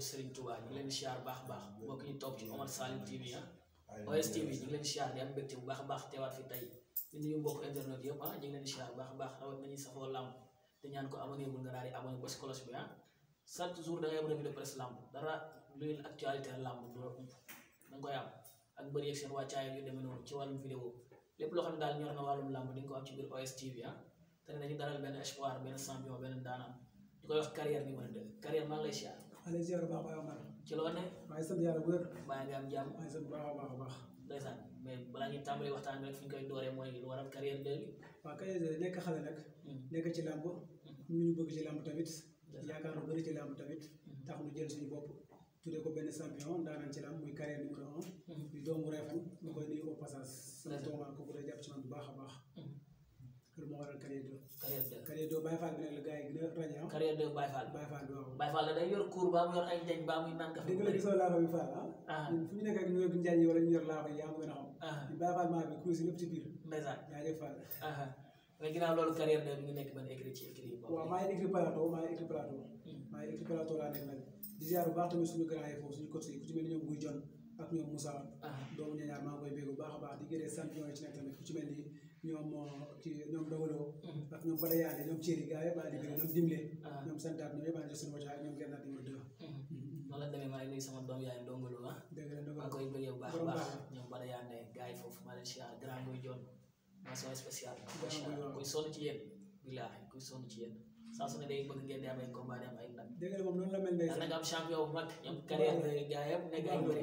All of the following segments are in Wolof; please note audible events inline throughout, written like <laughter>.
jërëjëf Serigne Touba ñu ngi leen di siyaar baax baax mbokk ñu topp ci Omar Saloum TV ah OSTV ñu ngi leen di siyaar di am mbégte bu baax baax teewaat fi tey ñu nuyu mbokk internet yëpp ah ñu ngi leen di siyaar baax baax rawat nañuy safoo làmb te ñaan ko abonné bu nga daal di abonné ba si cloche bi ah chaque jour da ngay am revue de presse làmb dara luy actualité làmb du la ump da nga koy am ak bëri yeeg seen wàccaay yu demee noonu ci wàllum vidéo lépp loo xam ne daal ñor na wàllum làmb di nga ko am ci biir OSTV ah te ne dañu daral benn espoir benn champion benn daanam di koy wax carrière numéro 2 carrière maa ngi lay siyaar ale ziar bu baax Baye ci loo ne. maa ngi sant yàlla bu wér. maa baax a baax a baax. ndeysaan mais balaa ñuy tàmbalee waxtaan bi fi ñu koy dooree mooy lu waral carrière bi. waaw carrière nekk xale nag. Hmm. nekk ci làmb. ñu hmm. ñu bëgg ci làmb tamit. yaakaar lu bëri ci làmb tamit. Hmm. tax ñu jël suñu bopp. tuddee ko benn champion daanaan ci làmb muy carrière numéro un. di doomu reefu. ñu koy nuyu au passage. ndeysaan sama doom ko bu dee ci man baax a baax. loolu moo waral carrière 2. carrière 2 carrière 2 Baye Fall bi nag la gars yi gën a ràññee ah. carrière 2 Baye Fall. Baye Fall waaw. Baye Fall la day yor kuur ba mu yor ay njañ ba muy naan kafe. dëgg la gisoo laafa bi Fall ah. ah. fu ñu nekk ak ñu yor njañ yi wala ñu yor laafa yi yaa ma gën a xam. Ah. Baye Fall maa bi kuréel si lépp ci biir. ndeysaan jaajëf Fall. Ah, mais ginnaaw loolu carrière 2 bi nga nekk ban écrit ci écrit. waaw maa ngi écrit plateau maa ngi écrit plateau. Hmm. maa ngi écrit plateau laa nekk nag. di ziar bu baax tamit suñu grand yi foofu suñu côté yi ku ci mel ni ñoom Guy John ak ñoom Moussa. doomu ñaar maa ngi koy bégg bu baax a baax di gërëm champion yi ci nekk tamit ku ci mel ni ñoom kii euh, ñoom dogaloo mm-hmm. ak ñoom bala yaane ñoom céeri gaa yëpp laa diggé ñoom dimle ah. ñoom santaat ñoom yëpp laa jox seen waccaay ñoom gennaa di ma dëgg noonu la demee maa ngi nuyu sama doom yaay ndongolu ah dëgg la ndongolu maa koy bëggee bu baax a baax ñoom bala yaane gaa yi foofu maa leen siyaar grand muy joon mention spéciale kuy sonn ci yéen billaahi kuy sonn ci yéen saa su ne day bëgg ngeen di am ay combat di am ay ndam dëgg la moom noonu la mel nag am champion bu mag ñoom carrière gaa yëpp nekk ay bëri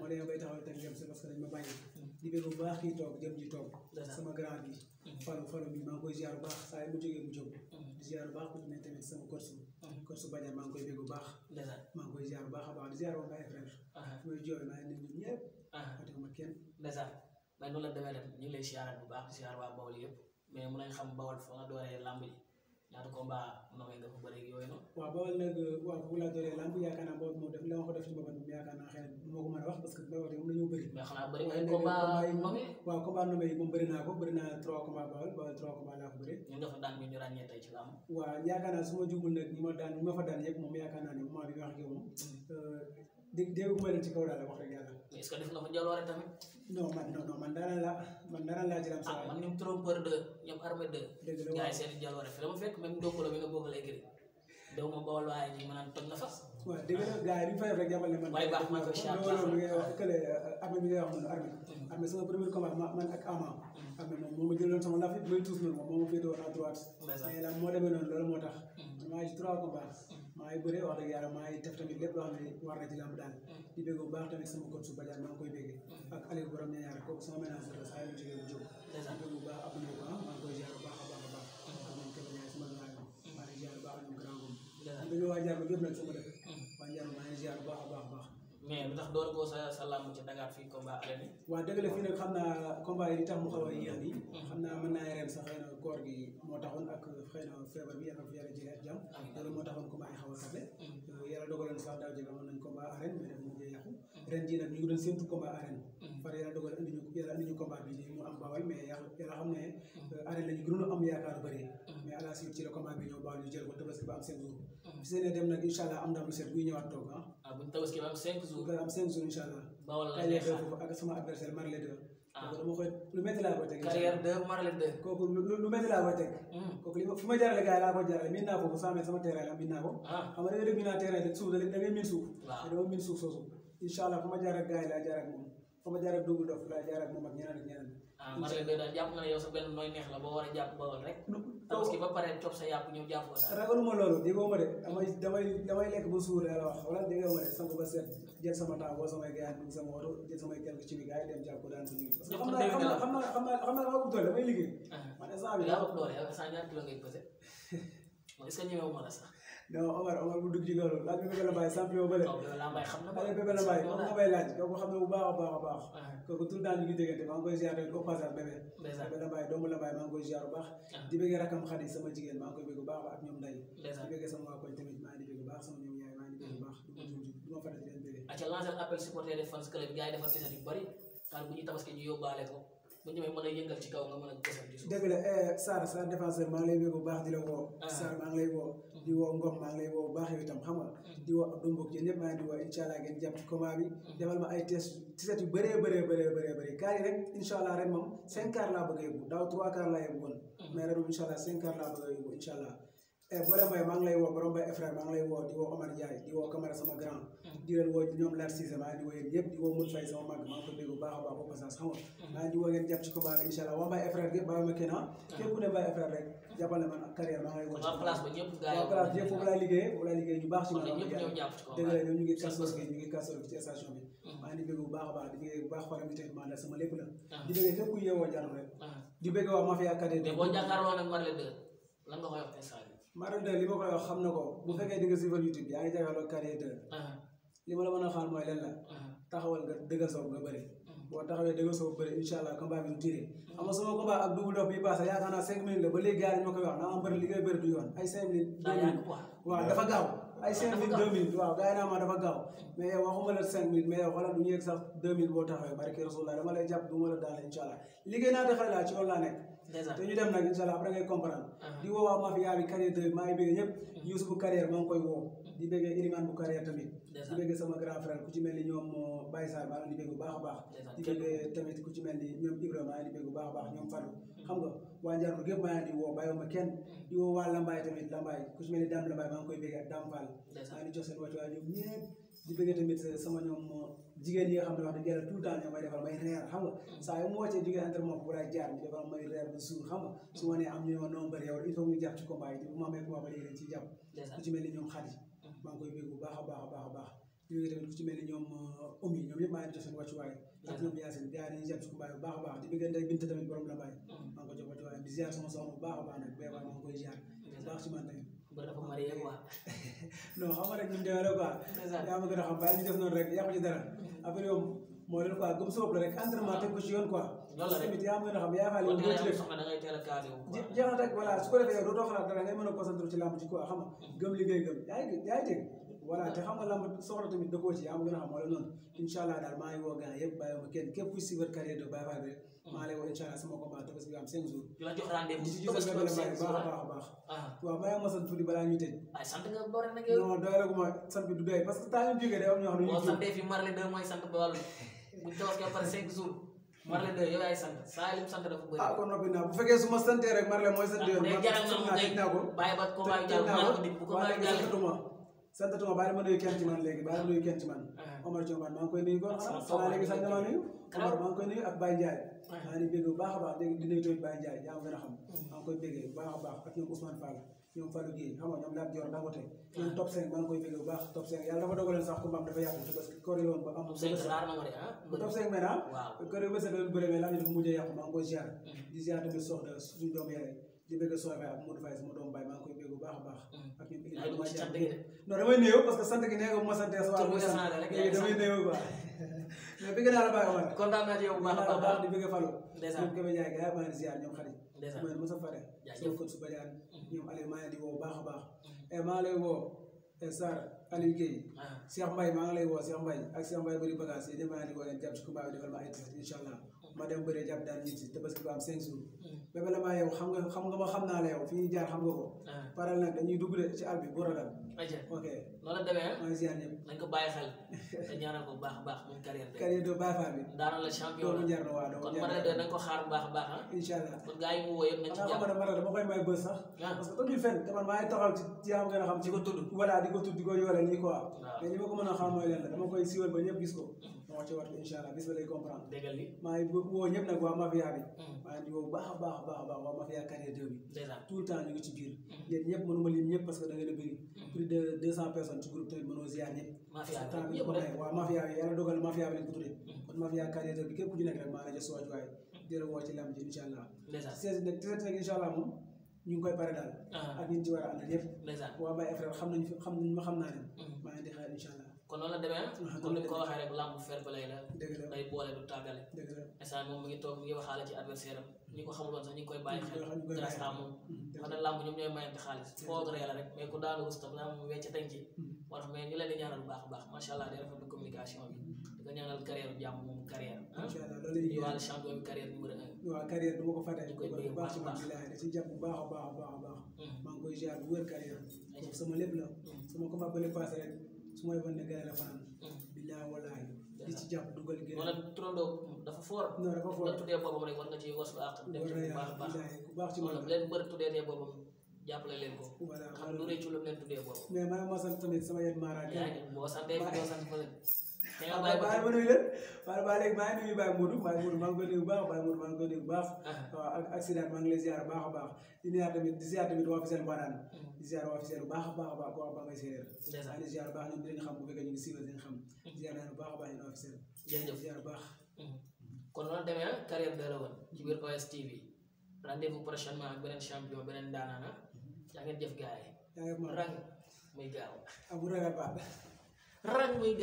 ma demee bay taxaw teg dem si parce que baax kii sama grand bi falo falo bi maa ngi koy ziar saa mm-hmm. bu baax ku ci ne tamit sama korsu korsu bañal maa ngi maa ngi koy bu baax a baax di ziar woon ay frère mooy uh-huh. jooy ñëpp waxte uh-huh. ma kenn ndeysaan man noonu la demee dem ñu ngi lay ziarat bu baax di ziar Bawol yëpp mais mun nañ xam Bawol fa nga dooree làmb ji ñaata combat ma ngay ba bëri yooyu noonu. waaw boobu nag waaw bu laa dooree lamb yaakaar naa boobu moom la ma ko def ci boppam yaakaar naa xëy na du ma ko mën a wax parce que boobu tamit bëri. naa ko bëri naa trois combat bawal bawal trois combat laa ko bëri. ñu nga fa daan ñu ràññee tey ci lamb. waaw yaakaar naa su ma jugul nag ñi ma daan ñi ma fa daan yëpp moom yaakaar naa ne moment bi wax ak yow moom. Mm. Euh, dégg dégguma leen ci kaw daal a rek yàlla. mais est-ce que def nga fa jaloore tamit. non man ah, fekk même Ndokolo ma bawal waaye ñu a toj na fa. waaw dégg nga gars yi li ñu fay def rek jàppal na ko wax moo ma jëloon sama laaf it muy noonu moom moo ma moo demee noonu loolu moo tax. Mm. maa bëre wax dëgg yàlla maa ngi def tamit lépp loo xam ne war na ci làmb daal mm. di bëgg baax tamit sama coach su Badiane maa ngi koy bëgg mm. ak Aliou bu jóg bëgg baax ab nañu ko maa ngi koy a baax a baax ak moom kebe ñaar maa ngi ziar baax ñoom mm. grand gom dañu waa jaar ba yëpp nag sama dëkk mais lu tax door koo sa sa làmb ci Dakar fii combat arène. waaw dëgg la fii nag xam naa combat yi tax mu xaw a yéex nii. Hmm. xam naa mën naa ren sax xëy na koor gi moo taxoon ak xëy na feebar bi yàlla na fi yàlla jëlee ak jàmm. Hmm. loolu moo taxoon combat yi xaw a tabe. Hmm. Euh, yàlla dogaloon sax daaw jëlee amoon nañ combat arène mais nag ko ba am seen jour. bis ne dem nag incha am ndam lu set buy ñëwaat toog ah. waaw bu ñu tabaski ba am cinq jours. ba am cinq jours incha allah. bawal foofu ak sama adversaire Marley 2. Ah. kooku lu lu laa koy teg. Hmm. kooku li ma fu ma yi laa ko jaarale miin naa ko bu sàmmee sama terrain la miin naa ko. xam nga da ngay dégg ñu naan suuf da miin suuf. waaw dama miin suuf soosu. incha allah fu ma jaarale gars yi laa jaarale moom fu ma jaarale Double Dof laa jaarale moom ak ñeneen ak ñeneen. ah daal jàpp nga ne yow benn nooy a jàpp tabaski ba pare cob sa yàpp ñëw jàppoo daal. ragaluma loolu damay lekk ba suur yàlla wax wala déggoo ma de sangu ba set jël sama temps boo samay gars yi sama oto jël samay quelque ci bi gars dem jàpp daan suñu. parce que xam naa xam naa xam naa xam damay liggéey. Ah. man instant bi yaa ëpp doole yow instant ñaar kilo ngay est-ce que ñëwee Omar sax. non Omar Omar bu dugg ci loolu laaj bi Bébé Lambaye champion bële. waaw Bébé Lambaye xam na ko. Bébé Lambaye ko nga bay laaj kooku xam na bu baax a baax a baax. Ah. kooku tout le temps ñu ngi déggante maa ngi koy ziar au passage bébé. Bébé Lambaye doomu Lambaye maa ngi koy ziar bu baax. Ah. di bëggee rakam xadi sama jigéen maa ngi koy bëgg bu baax ak ñoom ndey. di bëggee sama waa koñ tamit maa ngi bëgg bu baax sama ñoom yaay maa ngi bëgg bu baax. Mm. du ma fàtte leen bëggee. acca lancer appel supporter de fans club gars yi dafa seet yu bari bu ñu tabaski ñu yóbbaale ko bu ñu demee mën a yëngal ci kaw nga eh, bu baax di la woo. Ah. Sarr maa ngi lay di woo Ngom maa ngi lay bu baax yow itam xam nga. Hmm. di woo Abdou Mbok yéen ñëpp di woo incha allah ngeen jàpp ci combat bi. Hmm. defal ma ay test tiset yu bëree bëree bëree bëree bëri kaar yi rek incha allah ren moom cinq quarts laa bëgg a yóbbu daaw trois quarts laa yóbbu woon. Hmm. mais ren moom cinq quarts laa bëgg a yóbbu incha Eh, Boole Mbaye maa ngi lay woo borom Mbaye Ephraim maa ngi lay woo di woo Omar di woo Camara sama grand hmm. di woo ñoom Lar Cissé maa di woo yéen ñëpp woo Mout Faye ba hmm. di woo ngeen ah. hmm. man ak carrière maa di bëgg bu baax a baax la Marème 2 li ma xam na ko bu fekkee li ma la mën a xaar mooy lenn taxawal nga dëggal sa bopp nga boo taxawee dëggal sa bopp bëri incha allah ba léegi ma koy wax naa am bëri li ngay bëri du yoon ay cinq minutes. deux minutes waaw dafa gaaw. ay cinq minutes deux minutes waaw gars yi naa ma dafa gaaw mais waxuma la cinq minutes mais yow xoolal du ñu yegg sax deux minutes boo taxawee barke Rasulullah dama lay jàpp du ma la daal incha liggéey naa defal laa ci loolu laa te ñu dem nag incha allah après ngay comprendre di woo waa mafia bi carrière de maa ngi hmm. maa ngi koy woo hmm. di bëggee Ilimane bu carrière tamit di sama grand frère ku ci mel ni ñoom euh, Baye Sarr maa ngi di bëgg bu baax a baax di euh, ku ci mel ni ñoom Ibrahima maa bëgg bu baax a baax ñoom Fallou hmm. xam nga waa Njaarbu gépp maa ngi di woo bàyyiwuma kenn di woo waa Lambaye tamit Lambaye ku ci mel ni Dame Lambaye maa ngi koy bëggee Dame Fall di bëgg tamit euh, sama ñoom euh, jigéen ñi nga xam ne wax dëgg yàlla tout mm. saa yu ma wàccee jugee entraînement bu jaar ñu defal may reer bu am ñoo nombre ba léegi dañ ciy jàpp ñoom xarit mm. maa ngi koy bu baax a baax a baax a baax di bëgg tamit ku ci ñoom euh, Oumy ñoom ñëpp maa ngi jox seen wàccuwaay ak baax a baax di bëgg mm. a baax nag ci man tamit mbër dafa mari rek waa. non yaa ma gën a xam bàyyi ñu def noonu rek yàqu ci dara. Mm-hmm. après yow moo leen quoi gëm sa bopp la rek entraînement teg ko ci yoon quoi. loolu yaa ma gën a xam yaa faale yow ci def da ngay a kaale jeex na rek voilà su ko defee yow dootoo dara ngay mën a concentré ci ci quoi xam nga mm-hmm. gëm liggéey gëm yaa ngi yaa ngi voilà te xam nga soxla tamit da ci am gën a xam wala noonu incha allah daal maa ngi woo gars yëpp kenn képp kuy suivre carrière de Baye Fall rek maa lay woo incha la jox rendez-vous ci jox a baax ah. ah. a ay sant nga boore sant bi du doy parce que temps yu jógee day am ñoo xam ne mooy sant ba wàllu bu ba pare cinq jours marle deux yow yaay sant saa lim sant dafa bëri ah kon noppi naa bu fekkee su ma santee rek marle mooy sant ah, yow naa ko ba combat bi jàll naa ko di bu santatuma baal ma nuyu kenn ci man léegi baal ma nuyu kenn ci man ah. Omar Thioman maa koy nuyu kon xanaa léegi koy nuyu ak Baye Ndiaye ah. a baax dégg a xam mm. koy béggee a ak ñoom Ousmane ah. koy béggee bu baax top 5 ba am ba sa doon bëre mais laa ñu dafa mujjee yàqu mm. di ziar tamit di bégg soxna ak Modou Faye sama baay maa koy bégg baax a baax. ak ñun équipe bi ma ci non damay nuyoo parce que sant gi nee nga bu ma santee. waaw bu sant damay nuyoo quoi. mais bëgg naa la baax a baax. kontaan naa ci yow bu baax a baax di bëgg a falu. dèjà ñoom Kébé Ndiaye gars yi maa ngi ziar ñoom xarit. dèjà ñoom Moussa Fade. jaajëf Sow Suba Diagne. Mm-hmm. ñoom Aliou maa ngi di woo baax a baax. Mm-hmm. Eh, maa ngi lay woo eh, Sarr Aliou Guèye. Ah. Cheikh Mbaye maa ngi lay woo Cheikh Mbaye ak Cheikh Mbaye bëri bagage yéen ñëpp maa ngi di woo leen jàpp ci combat bi defal ma ay titres incha allah ma dem bëree jàpp daal ñibbisi te parce que am cinq jours hmm. bébé la maa yow xam nga xam nga ma xam naa la yow fi ñuy jaar ah. ah? <laughs> a dal baax ma ah? dama koy ci xam nga xam di ko tudd voilà di tudd di ko yore nii quoi mais ñi ma ko mën a xam la dama koy siiwal ba ñëpp gis ko hmm. moo ci war incha allah bis ba lay comprendre. dëgg la maa ngi woo ñëpp nag waa mafia bi. Hmm. maa ngi woo baax a baax a baax waa mafia carrière deux bi. tout le temps ñu ngi ci biir. Hmm. yéen ñëpp mënuma lim ñëpp parce que da ngeen a bëri. Hmm. plus de deux cent personnes ci groupe tamit mënoo ziar ñëpp. mafia bi yëpp rek waa mafia bi yàlla dogal mafia bi lañ ko tuddee. kon mafia carrière deux bi képp ku ci nekk rek maa ngi lay jot suwaay waay. di la woo ci lam ji incha allah. dëgg la seize nag treize nag incha allah moom ñu ngi koy pare daal. Ah. ak ñi ci war a àndal yëpp. waa Baye Frère xam nañu fi xam nañu ma xam naa leen. maa ngi di xaar incha allah kon noonu la demee. Ah. comme ni ko waxee rek làmb fair play la. dëgg la day boole du tàggale. dëgg la instant moom mi ngi toog mi ngi waxaale ci adversaire am. ñi ko xamul woon sax ñu ngi koy bàyyi xel. grâce à moom. wax mm-hmm. na làmb ñoom ñooy mayante xaalis. foog ree la rek mais ku daanu wus tam làmb wecc tañ ci. Mm-hmm. moo tax mais ñu leen di ñaanal bu baax a baax macha allah di rafetlu communication bi. Mm-hmm. di ko ñaanal carrière bu jàmm moom carrière. Ah. macha allah loolu yëpp ñu wàllu champion carrière numéro un. waaw carrière du ma ko fàtte. ñu koy dégg bu baax a baax da ci jàpp bu baax a baax a baax a baax. maa ngi koy ziar bu wér carrière. sama lépp la. sama combat ba le passé rek mooy may wan ne gën a la fanaan. billaa walaay. di ci jàpp dugal gën wala turandoo dafa fort. non dafa fort tuddee boppam rek war nga ci waslu àq. dem ci bu baax a baax ku baax ci moom la leen tuddee tee boppam jàppale leen ko. voilà xam lu rëccu lu leen tuddee boppam. mais maa ma sant tamit sama yenn maaraay. yaa ngi moo sant tey moo sant fële. waaw waaw bàyyi ma nuyu leen waaw waaw léegi maa ngi nuyu Baye Modou Baye Modou maa ngi koy nuyu bu baax Baye Modou maa ngi koy nuyu bu baax. Ah. waaw ak accident maa ngi lay ziar bu baax a baax di ziar tamit di ziar tamit waa Fisel Mbarane. Hmm. di ziar waa Fisel bu baax a baax a baax waa Bangay Séeréer. maa ngi ziar bu baax ñun dinañ xam bu fekkee ñu ngi siiwee dinañ xam. Hmm. ziar naa bu baax a baax ñun waa Fisel. jërëjëf ziar bu baax. Hmm. kon loolu demee ah carrière de la woon ci biir OSTV rendez-vous prochainement ak beneen champion beneen daanaana ah. yaa ngeen jëf gars yi. yaa ngeen mën rang muy gaaw. ah bu ragal baax. rang muy